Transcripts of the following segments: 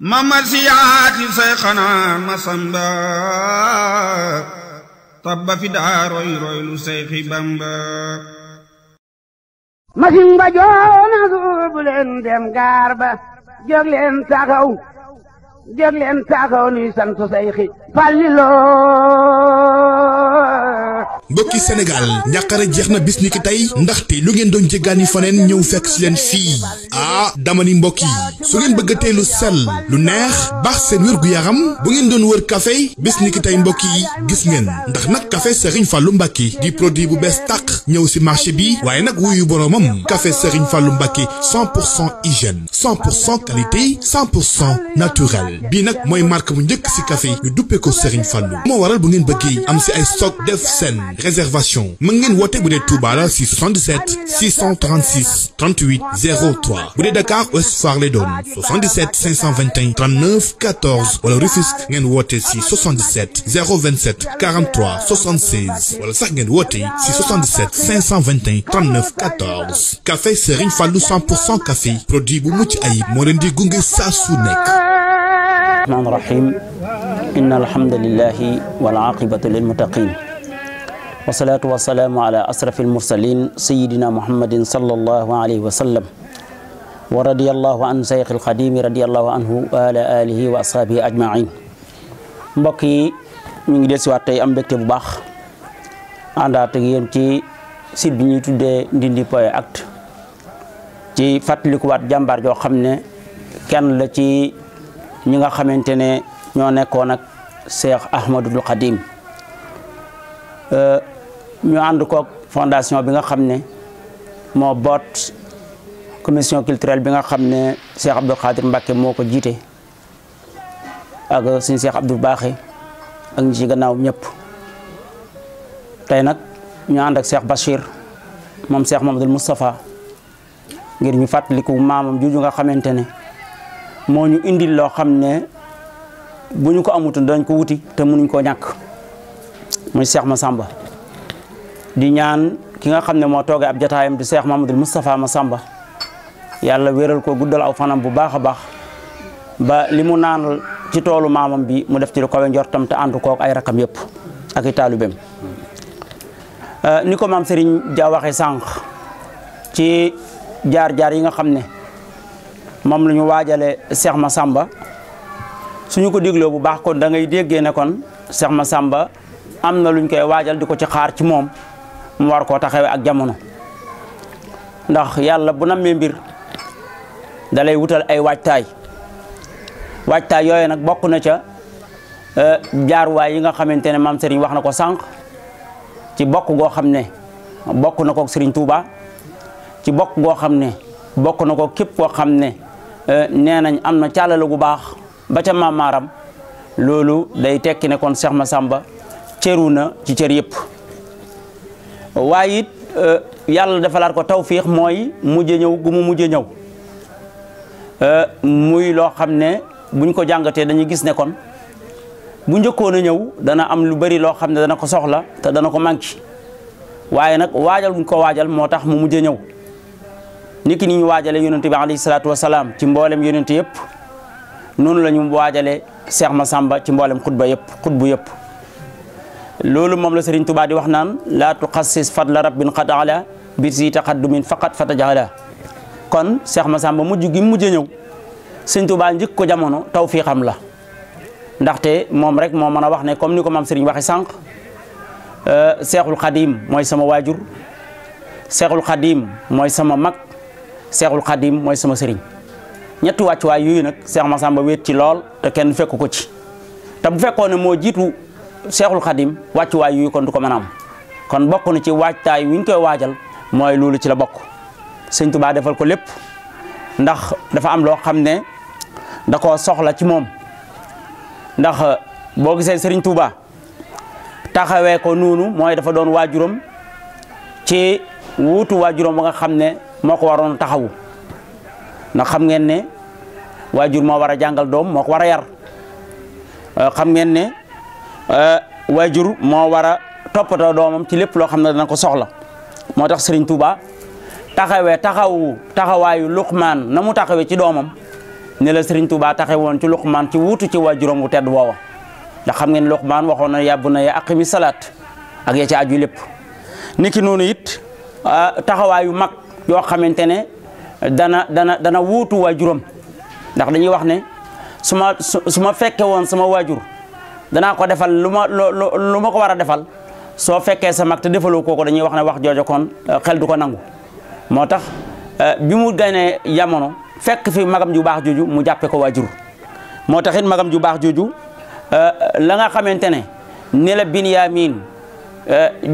ma marsiyaati say xanaa ma samba tabba fi daa roy lu say xi bamba masin joona suubu leen dem gaar leen taxaw jër leen saako nuy sant sayxi Falliloo mbokki Sénégal njàqare jeex na bis ni tey ndaxte lu ngeen doon jéggaani faneen ñëw fekk si leen fii ah dama ni mbokk yi su ngeen bëgg a tey lu sell lu neex baax seen wér-gu-yaram bu ngeen doon wër café bis ni tey mbokk yi gis ngeen ndax nag café Serigne Fallou Mbacké di produit bu bees tàq ñëw si marché bi waaye nag wuyu boroomam café Serigne Fallou Mbacké 100 pour cent hygiène 100 pour pour cent naturel Fall bii nag mooy marque bu njëkk si café ñu duppee ko Serigne Fallou moo waral bu ngeen bëggee am si ay stock def seen réservation mën ngeen woote bu dee Touba la si 77 636 38 03 bu dee Dakar Ouest Foire lay doon 77 521 39 ngeen woote si 77 027 43 76 wala sax ngeen woote si 77 521 39 14 café Serigne Fallou 100 pour cent café produit bu mucc ayib moo leen di gunge saa su nekk الرحمن الرحيم إن الحمد لله والعاقبة للمتقين والصلاة والسلام على أشرف المرسلين سيدنا محمد صلى الله عليه وسلم ورضي الله عن شيخ القديم رضي الله عنه وعلى آله وأصحابه أجمعين mbokki mi ngi dellusiwaat tey am mbégte bu baax àndaat ak yéen ci site bi ñuy tuddee ndindi point actu ci fàttalikuwaat jàmbaar joo xam ne kenn la ci ñu nga xamante ne ñoo nekkoon ak Cheikh Ahmadul Khadim euh, ñu ànd koog fondation bi nga xam ne moo boot commission culturelle bi nga xam ne Cheikh Abdou Khadir Mbacke moo ko jiite ak suñu Cheikh Abdou Baaxe ak ñi gannaaw ñëpp tey nag ñu ànd ak Cheikh Bachir moom seex Mamadou Moustapha ngir ñu fàttaliku maamam juju nga xamante ne. moo ñu indil loo xam ne bu ñu ko amutoon dañ ko wuti te mënuñ koo ñàkk muy ma sàmba di ñaan ki nga xam ne moo toogee ab jataayam di Cheikh Mamadou ma sàmba yàlla wéral ko guddal aw fanam bu baax a baax ba li mu naanal ci toolu maamam bi mu def ci lu kawe njortam te ànd kook ay rakam yépp ak i taalibeem euh, ni ko maam Serigne Dia waxee sànq ci jaar-jaar yi nga xam ne moom la ñu waajale waajalee Cheikh Massamba suñu ko dégloo bu baax kon dangay ngay déggee ne kon ma sàmba am na luñ koy waajal di ko ci xaar ci moom mu war koo taxawee ak jamono ndax yàlla bu nammee mbir dalay wutal ay waajtaay waajtaay yooyu nag bokk na ca e, jaarwaay yi nga xamante ne maam Serigne wax na ko sànq ci bokk goo xam ne bokk na ko Serigne Touba ci bokk goo xam ne bokk na ko képp koo xam ne Euh, nee nañ am na càllale gu baax ba ca maam loolu day tekki nekkoon kon Cheikh Massamba cëru na ci cër yëpp waaye it euh, yàlla defalaat ko tawfiix mooy mujj ñëw gu mu mujj ñëw euh, muy loo xam ne buñ ko jàngatee dañuy gis ne kon bu njëkkoon a ñëw dana am lu bari loo xam ne dana ko soxla te dana ko manqué waaye nag waajal buñ ko waajal moo tax mu mujj ñëw niki ni ñu waajalee yonent bi alayhi salaatu wasalaam ci mboolem yonent yëpp noonu la ñu waajalee ma Massamba ci mboolem xutba yëpp xutbu yëpp loolu moom la Serigne Touba di wax naan laa tuxassis fadla rabbin qad ala bi si taqaddumin faqat fatajala kon Cheikh Massamba mujj gi mujj ñëw Serigne Touba njëkk ko jamono taw fii tawfiixam la ndaxte moom rek moo mën a wax ne comme ni ko maam Serigne waxe sànq euh, Cheikhul Khadim mooy sama waajur Cheikhul Khadim mooy sama mag. seexul xadim mooy sama sëriñ ñetti wàccuwaay yooyu nag seex samba wéet ci lool te kenn fekku ko ci te bu fekkoon moo jiitu seexul xadim wàccuwaay yooyu kon du ko mën a am kon bokk na ci waajtaay wi ñu koy waajal mooy loolu ci la bokk sëñ Tuubaa defal ko lépp ndax dafa am loo xam ne da ko soxla ci moom ndax euh, boo gisee sëriñ Tuubaa taxawee ko noonu mooy dafa doon waajuram ci wuutu waajuram ba nga xam ne moo ko waroon taxawu ndax xam ngeen ne waajur moo war a jàngal doom moo ko war a yar euh, xam ngeen ne euh, waajur moo war a toppatoo doomam ci lépp loo xam ne dana ko soxla moo tax Serigne Touba taxawee taxawu taxawaayu Luqmaan na mu taxawee ci doomam ne la Serigne Touba woon ci Luqmaan ci wuutu ci waajuram wu tedd woowa nda xam ngeen Luqmaan waxoon na yàbb na ya aqimi salaat ak ya ci aju lépp niki noonu it euh, taxawaayu mag. yoo xamante ne dana dana dana wuutu waajuram ndax dañuy wax ne su ma su ma fekke woon sama waajur danaa ko defal lu ma lu ma ko war a defal soo fekkee sa mag te defaloo kooku dañuy wax ne wax joojo kon euh, xel du ko nangu moo tax euh, bi mu ganee jamono fekk fi magam ju baax jooju mu jàppe ko waajur moo taxit magam ju baax jooju euh, la nga xamante ne ni la Binyamin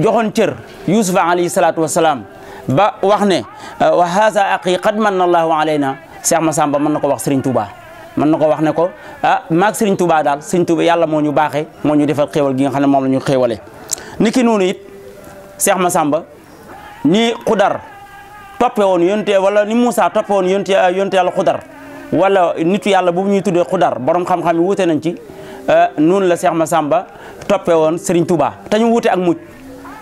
joxoon cër Yuusufa alayhi salaatu wasalaam ba wax ne wa haza aqi qad manna allahu alayna Cheikh Massamba mën na ko wax Serigne Touba mën na ko wax ne ko ah maag Serigne Touba daal Serigne Touba yàlla moo ñu baaxee moo ñu defal xéewal gi nga xam ne moom la ñu xéewalee niki noonu it Cheikh Massamba ni xudar toppe woon yonte wala ni Moussa toppe woon yonte yonte yàlla xudar wala nitu yàlla bu ñuy tuddee xudar borom xam-xam yi wuute nañ ci eh, noonu la Cheikh Massamba toppe woon Serigne Touba te ñu wuute ak mujj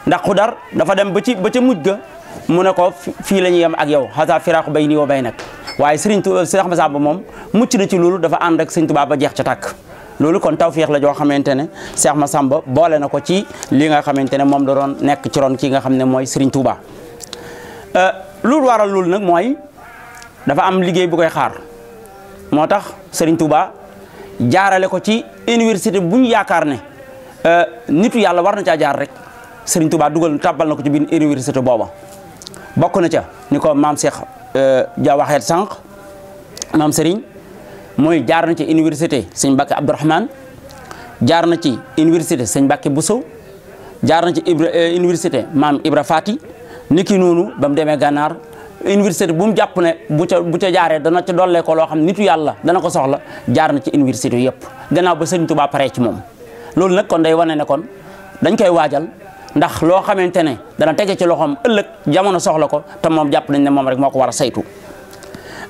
ndax xudar dafa dem ba ci ba ca ga mu ne ko fii la ñuy yem ak yow xasa firaaku bay nii wa bay nag waaye sëriñ Tuubaa Seex Masamba moom mucc na ci loolu dafa ànd ak sëriñ Tuubaa ba jeex ca tàkk loolu kon tawféex la joo xamante ne Seex Masamba boole na ko ci li nga xamante ne moom la doon nekk ci roon ki nga xam ne mooy sëriñ Tuubaa loolu euh, waral loolu nag mooy dafa am liggéey bu koy xaar moo tax sëriñ Tuubaa jaarale ko ci université bu ñu yaakaar ne euh, nitu yàlla war na caa jaar rek sëriñ Tuubaa dugal tàbbal na ko ci biir université booba bokk na ca ni ko maam Cheikh euh, Dia waxee sànq maam Serigne mooy jaar na ci université sëñ Mbacke Abdourahmane jaar na ci université sëñ bu Bousso jaar na ci euh, université maam Ibra Fati niki noonu ba demee gànnaar université bu mu jàpp ne bu ca bu ca jaaree dana ca dollee ko loo xam nitu yàlla dana ko soxla jaar na ci université yëpp gannaaw ba sëñ Touba ci moom loolu nag kon day wane ne kon dañ koy waajal. ndax loo xamante ne dana tege ci loxoom ëllëg jamono soxla ko te moom jàpp nañ ne moom rek moo ko war a saytu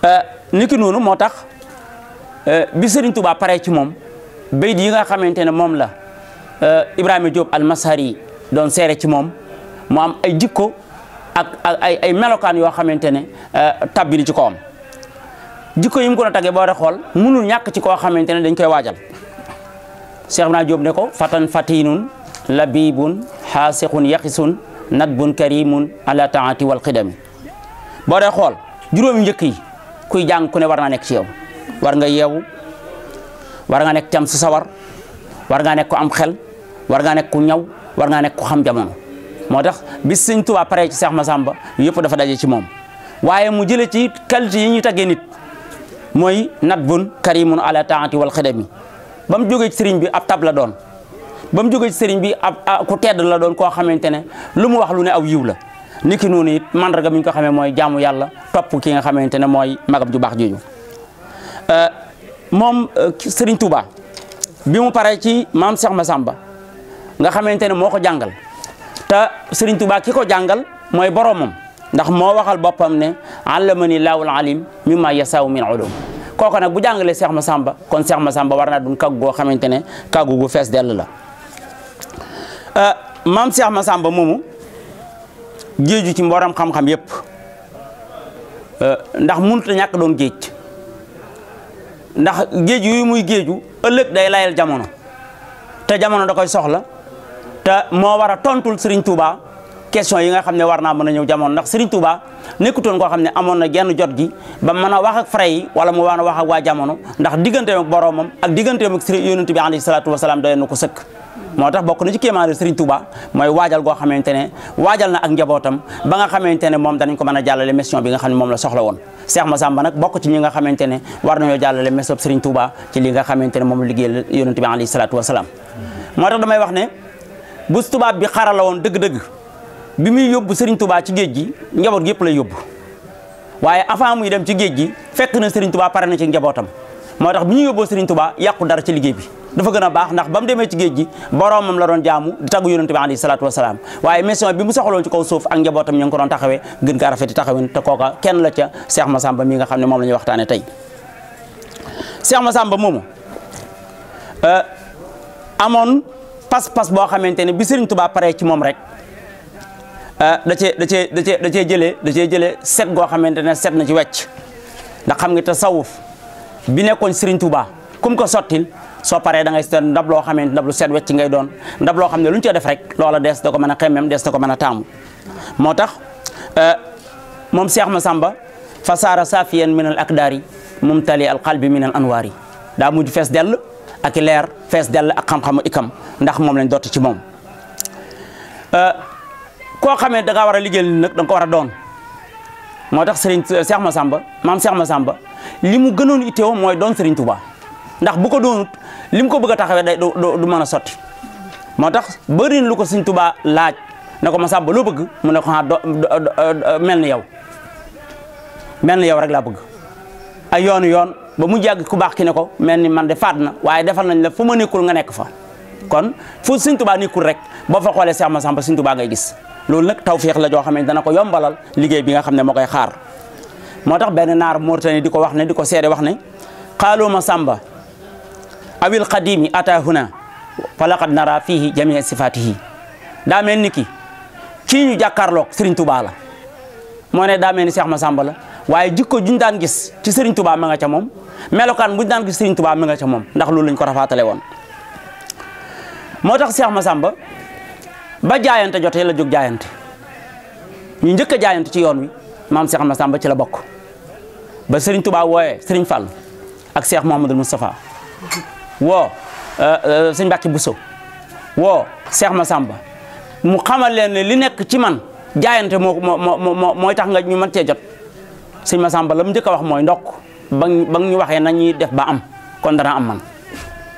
euh, niki noonu moo tax euh, bi Sëriñ Tuubaa pare ci moom bayit yi nga xamante ne moom la euh, Ibrahima Diop almasari doon seere ci moom mu am ay jikko ak ay ay melokaan yoo xamante ne tabbi ni ci kawam jikko yi mu ko a tagee boo a xool munul ñàkk ci koo xamante ne dañ koy waajal Cheikh Ibrahima Diop ne ko fatan fatinun labibun xaasiqun yaqisun nadbun karimun ala taati wal xidami boo dee xool juróomi njëkk yi kuy jàng ku ne war naa nekk ci yow war nga yeewu war nga nekk cam su sawar war ngaa nekk ku am xel war ngaa nekk ku ñaw war ngaa nekk ku xam jamono moo tax bis sëñ Tuubaa pare ci Seex Masamba yëpp dafa daje ci moom waaye mu jële ci qualité yi ñu taggee nit mooy nadbun karimun ala taati wal xidami ba mu jógee ci sëriñ bi ab tab la doon ba mu jógee ci sëriñ bi ab ku tedd la doon koo xamante ne lu mu wax lu ne aw yiw la niki noonu it mandarga mi ñu ko xamee mooy jaamu yàlla topp ki nga xamante ne mooy magam ju baax jooju euh, moom euh, sëriñ Touba bi mu paree ci maam ma Massamba nga xamante ne moo ko jàngal te sëriñ Touba ki ko jàngal mooy boromam ndax moo waxal boppam ne allamani laawul alim mimma yasaaw min ulum kooku nag bu jàngalee Cheikh Massamba kon Cheikh Massamba war naa dun kàggu goo xamante ne kàggu gu fees dell la Euh, maam ma Massamba moomu géeju ci mbooram xam-xam yépp euh, ndax mënut a ñàkk doon géej ndax géej yooyu muy géeju ëllëg day layal jamono te jamono da koy soxla te moo war a tontul Serigne Touba question yi nga xam ne war naa mën a ñëw jamono ndax Serigne Touba nekkutoon koo xam ne amoon na genn jot gi ba mën a wax ak yi wala mu mën a wax ak waa jamono ndax digganteem ak boromam ak digganteem ak Serigne yonent bi alayhi salaatu wasalaam doy nu ko sëkk. moo tax bokk na ci kéemaan Serigne Touba mooy waajal goo xamante ne waajal na ak njabootam ba nga xamante ne moom danañ ko mën a jàllale mission bi nga xam ne moom la soxla woon Cheikh Massamba nag bokk ci ñi nga xamante ne war nañoo jàllale mission Serigne Touba ci li nga xamante ne moom la liggéeyal yonent bi alayhi salaatu wasalaam moo tax damay wax ne bu tubaab bi xarala woon dëgg-dëgg bi muy yóbbu Serigne Touba ci géej gi njaboot yëpp lay yóbbu waaye avant muy dem ci géej gi fekk na Serigne Touba pare na ci njabootam moo tax bi ñu yóbboo Serigne Touba yàqu dara ci liggéey bi dafa gën a baax ndax ba mu demee ci géej gi mam la doon jaamu di taggu yonent bi alayhi salaatu wasalaam waaye mission bi mu soxaloon ci kaw suuf ak njabootam ñu ngi ko doon taxawee gën kaa rafeti taxawin te kooka kenn la ca Cheikh Massamba mi nga xam ne moom la ñuy waxtaane tey Cheikh euh, boo xamante ne bi Serigne Touba paree ci moom rek euh, da cee da cee da cee da cee jëlee da cee jëlee set goo xamante ne set na ci wecc ndax xam te tasawuf bi nekkoon Serigne tubaa kum ko sottil soo paree da ngay seet ndab loo xamee ndab lu seet wecc ngay doon ndab loo xam ne lu ñu ca def rek loola dees da ko mën a xemmem dees da ko mën a taamu moo tax euh, moom Cheikh Massamba fa saara safiyan min al akdaari mumtali al qalbi min al anwaari daa mujj fees dell ak leer fees dell ak xam-xamu ikam ndax moom lañ dott ci moom euh, koo xamee da ngaa war a liggéeyal nag da nga ko war a doon moo tax sëriñ Cheikh Massamba maam Cheikh Massamba li mu gënoon itteewoo mooy doon sëriñ Touba ndax bu ko doonut li mu ko bëgg a taxawee day du du mën a sotti moo tax bëri lu ko Sëñ Tuubaa laaj ne ko ma Masamba loo bëgg mu ne ko ah, mel ni yow mel ni yow rek laa bëgg ay yoonu yoon ba mu jàgg ku baax ki ne ko mel ni man de faat na waaye defal nañ la fu ma nekkul nga nekk fa kon fu Sëñ Tuubaa nekkul rek boo fa xoolee Seex Masamba Sëñ Tuubaa ngay gis loolu nag tawféex la joo xam ne dana ko yombalal liggéey bi nga xam ne moo koy xaar moo tax benn naar Mauritanie di ko wax ne di ko seede wax ne xaaloo Masamba a awil qadimi ata huna falaqad nara fihi jamia sifatihi daa mel ni ki kii ñu jàkkaarloog Serigne Touba la moo ne daa mel ni ma Massamba la waaye jikko juñ daan gis ci Serigne Touba ma nga ca moom melokaan buñ daan gis Serigne tubaa ma nga ca moom ndax loolu lañ ko rafaatale woon moo tax ma Massamba ba jaayante jote la jóg jaayante ñu njëkk a ci yoon wi maam Cheikh Massamba ci la bokk ba Serigne tubaa wooyee Serigne Fall ak Cheikh Mouhamadul Moustapha woo euh, euh, sëñ Mbàkke Buso woo Seex samba mu xamal leen ne li nekk ci man jaayante moo moo mooy tax nga ñu mën cee jot sëñ Masamba la mu njëkk a wax mooy ndokk ba ba ñu waxee nañuy def ba am kon dana am man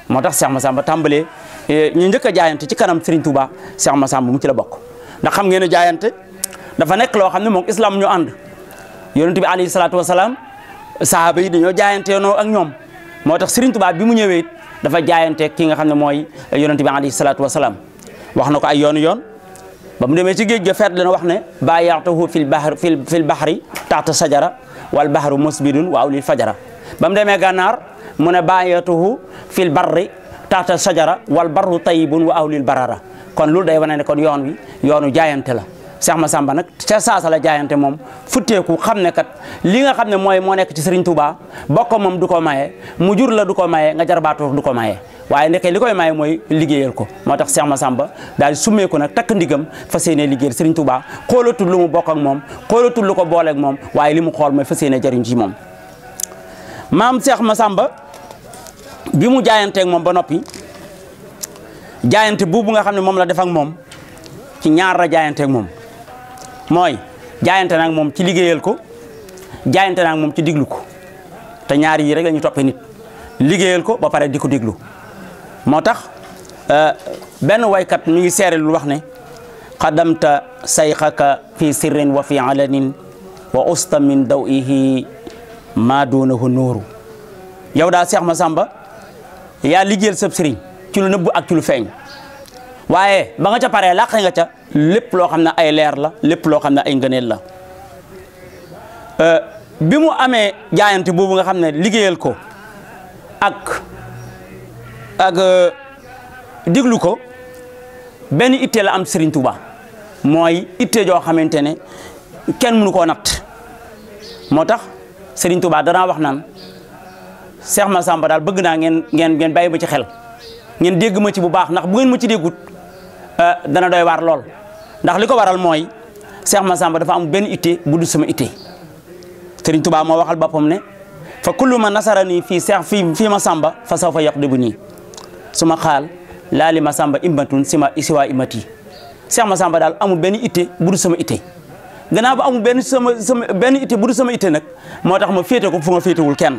moo tax Seex Masamba tàmbalee eh, ñu njëkk a jaayante ci kanam Serigne Touba Seex Masamba mu ci la bokk ndax xam ngeen ne jaayante dafa nekk loo xam ne moom islam ñu ànd yonent bi alayhi salaatu wasalaam sahaaba yi dañoo jaayante noo ak ñoom moo tax Serigne Touba bi mu ñëwee dafa jaayante ki nga xam ne mooy yonente bi alayhi salaatu salaam wax na ko ay yoonu yoon ba mu demee ci géej ga feet leen wax ne baayaatuhu fil bahri fil bahri taxta sajara wal bahru musbidun wa awlil fajara ba mu demee gànnaar mu ne baayaatuhu fil barri taxta sajara wal barru tayyibun wa awlil barara kon loolu da wane ne kon yoon wi yoonu jaayante la Cheikh Massamba nag ca saasa la jaayante moom futteeku xam ne kat li nga xam ne mooy moo nekk ci Serigne Touba bokk moom du ko maye mu jur la du ko maye nga jarbaatu du ko maye waaye ndeke li koy maye mooy liggéeyal ko moo tax Cheikh Massamba daal di summeeku nag takk ndigam fas yéene liggéeyal Serigne Touba xoolatul lu mu bokk ak moom xoolatul lu ko boole moom waaye li mu xool mooy fas yéene jariñ ji moom maam ma sàmba bi mu jaayanteeg moom ba noppi jaayante buubu nga xam ne moom la def ak moom ci ñaar la moom mooy jaayante nag moom ci liggéeyal ko jaayante nag moom ci diglu ko te ñaar yii rek la ñu nit liggéeyal ko ba pare di ko diglu moo tax euh, benn waykat mi ngi seere lu wax ne xadamta sayxaka fi sirrin wa fi alanin wa usta min dawihi maa doonahu nooru yow daal Seex Masamba yaa liggéeyal sab sëriñ ci lu nëbb ak ci feeñ waaye ba nga ca paree làqe nga ca lépp loo xam ne ay leer la lépp loo xam ne ay ngëneel la euh, bi mu amee jaayante boobu nga xam ne liggéeyal ko ak ak euh, diglu ko benn ittee la am Serigne Touba mooy ittee joo xamante ne kenn mënu ko natt moo tax Serigne Touba danaa wax naan Cheikh Massamba daal bëgg naa ngeen ngeen ngeen bàyyi ma ci xel ngeen dégg ma ci bu baax ndax bu ngeen ma ci déggut Euh, dana doy waar lool ndax li ko waral mooy Cheikh samba dafa am benn itte bu dul sama ite Sëriñ Tuubaa moo waxal boppam ne fa kullu ma nasara nii fii Cheikh fii fii Massamba fa saw fa bu nii sama ma xaal laa li Massamba imbatun sima siwaa imati ma samba daal amul benn itte bu dul sama itte gannaaw ba amul benn sama sama benn itte bu dul sama itte nag moo tax ma féete ko fu ma féetewul kenn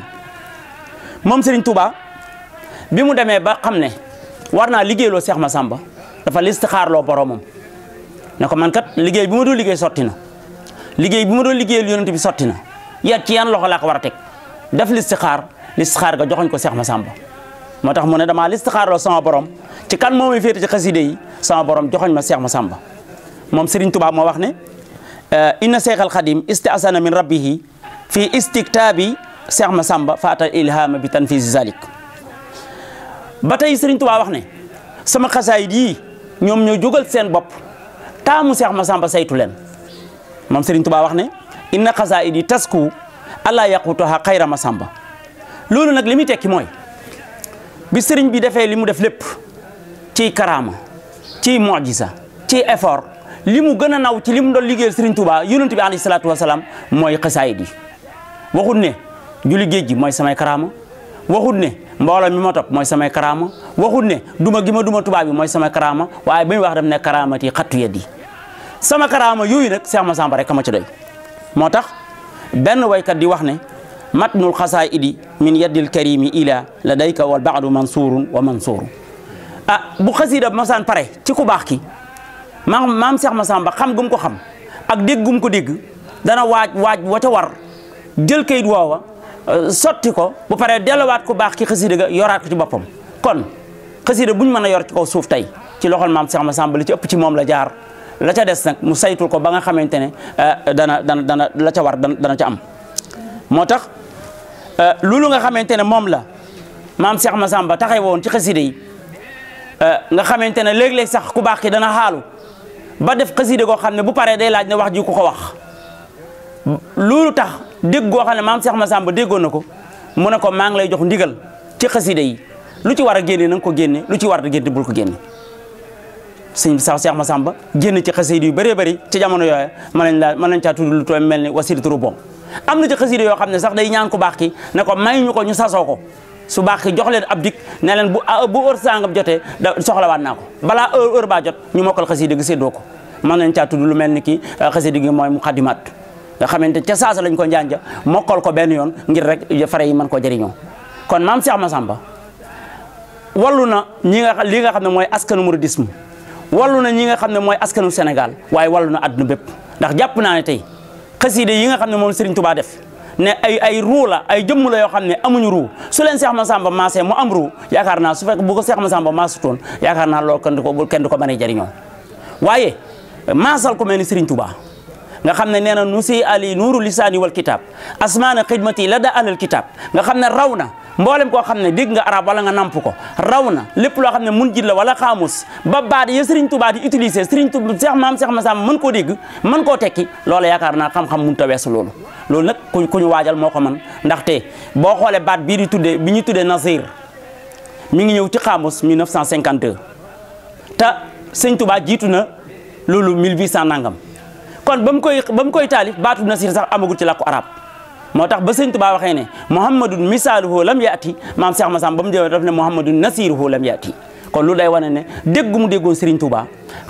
moom Sëriñ Tuubaa bi mu demee ba xam ne war naa liggéeyloo Cheikh Massamba dafa listixaarloo boromam ne ko man kat liggéey bi ma doo liggéey sotti na liggéey bi ma doon liggéey yonent bi sotti na ya ci yan loxo laa ko war a teg def listixaar listixaar ga joxoñ ko Seex Masamba moo tax mu ne damaa listixaarloo sama borom ci kan moo may féete ci sama borom joxoñ ma Seex Masamba moom Serigne Touba moo wax ne euh, inna seexal xadim istiasana min rabbihi fi istiktaabi Seex Masamba faata ilhama bi tanfisi zalik ba tey Serigne Touba wax ne sama xasaayid yi ñoom ñoo jógal seen bopp taamu Seex Masamba saytu leen moom Serigne Touba wax ne inna xasaid yi tasku allah yaqutuha xayra Masamba loolu nag li muy tekki mooy bi sëriñ bi defee li mu def lépp ciy karaama ciy mojisa ciy effort li mu gën a naw ci li mu doon liggéeyal Serigne Touba yonent bi alayhi salaatu wasalaam mooy xasaayid yi waxut ne julli géej gi mooy samay karaama waxut ne mbooloo mi ma topp mooy samay karaama waxut ne duma gi ma duma tubaab mooy sama karaama waaye ba muy wax dem ne karaama yi xattu yet sama karaama yooyu nag Seex ma rek rekk ma ci doy moo tax benn waykat di wax ne matnul xasaa'idi min yaddil karimi ila ladayka wal baadu mansurun wa mansurun a ah, bu xasiida masaan pare ci ku baax ki maam maam Seex Masamba xam gum ko xam ak dégg gum ko dégg dana waaj waaj wa ca war jël kayit woowa sotti ko bu paree delluwaat ku baax ki xasida ga yoraat ko ci boppam kon xasida buñ mën a yor ci kaw suuf tey ci loxol maam Cheikh Massamba li ci ëpp ci moom la jaar la ca des nag mu saytul ko ba nga xamante ne eh, dana dana dana la ca war dana ca am moo tax eh, loolu nga xamante ne moom la maam Cheikh Massamba taxaw woon ci xasida yi eh, nga xamante ne léeg-léeg sax ku baax ki dana xaalu ba def xasida goo xam ne bu paree day laaj ne wax ji ku ko wax loolu tax dégg goo xam ne maam Cheikh samba déggoon na ko mu ne ko maa lay jox ndigal ci xasida yi lu ci war a génne na ko génne lu ci war a génne bul ko génne sëñ sax ma samba génn ci xasida yu bëree bëri ci jamono yooyu mën nañ laa mën nañ caa tudd lu tooy mel ni wasilituru bom am na ci xasida yoo xam ne sax day ñaan ku baax ki ne ko may ñu ko ñu sasoo ko su baax ki jox leen ab dik ne leen bu bu heure sangam jotee da soxlawaat naa ko balaa heure heure baa jot ñu mokkal xasida gi séddoo ko mën nañ caa lu mel ni ki euh, xasida gi mooy muqaddimaat nga xamante ca saasa lañ ko njanja mokkal ko benn yoon ngir rek fare yi mën ko jëriñoo kon maam Cheikh Massamba wallu na ñi nga li nga xam ne mooy askanu mouridisme wallu na ñi nga xam ne mooy askanu Sénégal waaye wallu na àdduna bépp ndax jàpp naa ne tey xaside yi nga xam ne moom Serigne Touba def ne ay ay ruu la ay jëmm la yoo xam ne amuñu ruu su leen Cheikh Massamba maasee mu am ruu yaakaar naa su fekk bu ko Cheikh Massamba maasutoon yaakaar naa loolu kenn du ko kenn du ko mën waaye maasal ko mel ni Serigne Touba nga xam ne nee na nu si ali nuuru lisaani wal kitab asmaana xidmati la da alal kitab nga xam ne raw na mboolem koo xam ne dégg nga arab wala nga namp ko raw na lépp loo xam ne mun jit la wala xaamus ba baat ya sëriñ tubaa di utiliser sëriñ tubaa seex maam seex masaam mën koo dégg mën koo tekki loola yaakaar naa xam-xam mun ta weesu loolu loolu nag ku ku ñu waajal moo ko man ndaxte boo xoolee baat bii di tuddee bi ñu tuddee nasir mi ngi ñëw ci xaamus 1952 te sëñ tubaa jiitu na loolu 1800 nangam kon ba mu koy ba mu koy taalif baatu nasir sax amagul ci làkku arab moo tax ba sëñ Tuubaa waxee ne muhammadun misaaluhu lam yaati maam Cheikh Massamba ba mu jëwee daf ne muhammadun nasiruhu lam yaati kon lu day wane ne dégg mu déggoon Serigne Touba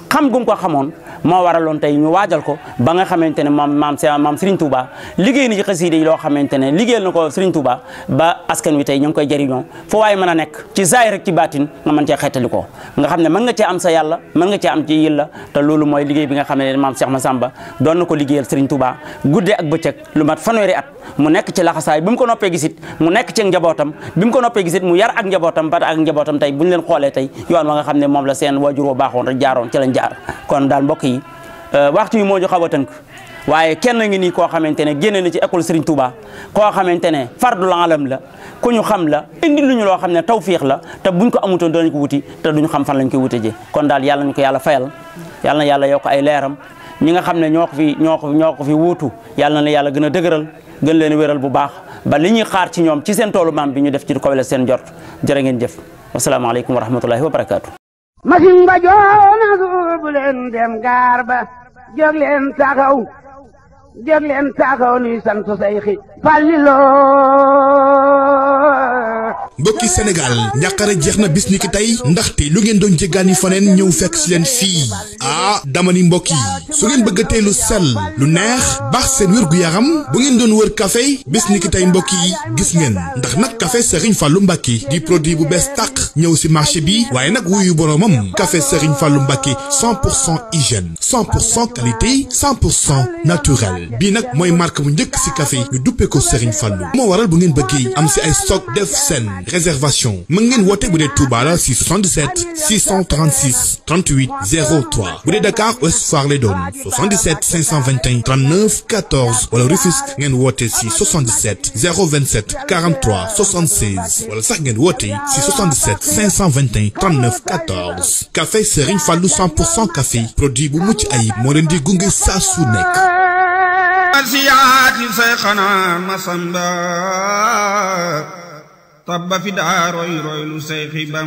xam gum ko xamoon moo waraloon tey ñu waajal ko ba nga xamante ne maam maam maam Serigne Touba liggéey na ci xasida yi loo xamante ne liggéeyal na ko Serigne Touba ba askan wi tey ñu ngi koy foo waaye mën a nekk ci zaahir rek ci baatin nga mën cee xeetali ko nga xam ne mën nga cee am sa yàlla mën nga cee am ci ta te loolu mooy liggéey bi nga xam ne maam Cheikh Massamba doon na ko liggéeyal Serigne Touba guddee ak bëccëg lu mat fanweeri at mu nekk mu nekk ci njabootam bi mu ko noppee gisit mu yar ak njabootam ba ak njabootam tey bu ñu leen xoolee tey yoon wa nga xam ne moom la seen waajur wa baaxoon rek jaaroon ci lañ jaar kon daal mbokk yi euh, waxtu yi moo ñu xaw a tënk waaye kenn ngi nii koo xamante ne génne na ci école Serigne Touba koo xamante ne fardul alam la ku ñu xam la indi lu ñu loo xam ne tawfiix la te buñ ko amutoon danañ ko wuti te duñ xam fan lañ koy wute ji kon daal yàlla ñu ko yàlla fayal yàlla na yàlla yokk ay leeram ñi nga xam ne ñoo ko fi ñoo ko ñoo ko fi wuutu yàlla na yàlla gën a dëgëral gën leen wéral bu baax ba li ñuy xaar ci ñoom ci seen toolu maam bi ñu def ci du kawale seen jot jërë ngeen jëf wasalaamaaleykum wa rahmatullahi wa barakaatu masin ba joona suubu leen dem gaar ba jóg leen taxaw jóg leen taxaw sant sayxi mbokki Sénégal njàqare jeex na bis ni tey ndaxte lu ngeen doon jéggaani faneen ñëw fekk si leen fii ah dama ni mbokk yi su ngeen bëgg a tee lu sell lu neex baax seen wér gu yaram bu ngeen doon wër kafe bis ni tey mbokk yi gis ngeen ndax nag café Serigne Fallou Mbacké di produit bu bees tàq ñëw si marché bi waaye nag wuyu boroomam café kafe Fallou Mbacké 100 pour cent hygiène 100 pour cent qualité 100 pour cent naturel bii nag mooy marque bu njëkk si café ñu duppee ko Serigne Fallou moo waral bu ngeen bëggee am si ay stock def seen réservation mën ngeen woote bu dee Touba la si 77 636 38 03 bu dee Dakar Ouest Foire lay doon 77 521 39 14 wala Rufisque ngeen woote si 77 027 43 76 wala sax ngeen woote si 77 521 39 14 café Serigne Fallou 100 pour 100 café produit bu mucc ayib moo di gunge saa su nekk. siyaat li say xanaa masamba tabba fi daa roy roy lu seyxi bam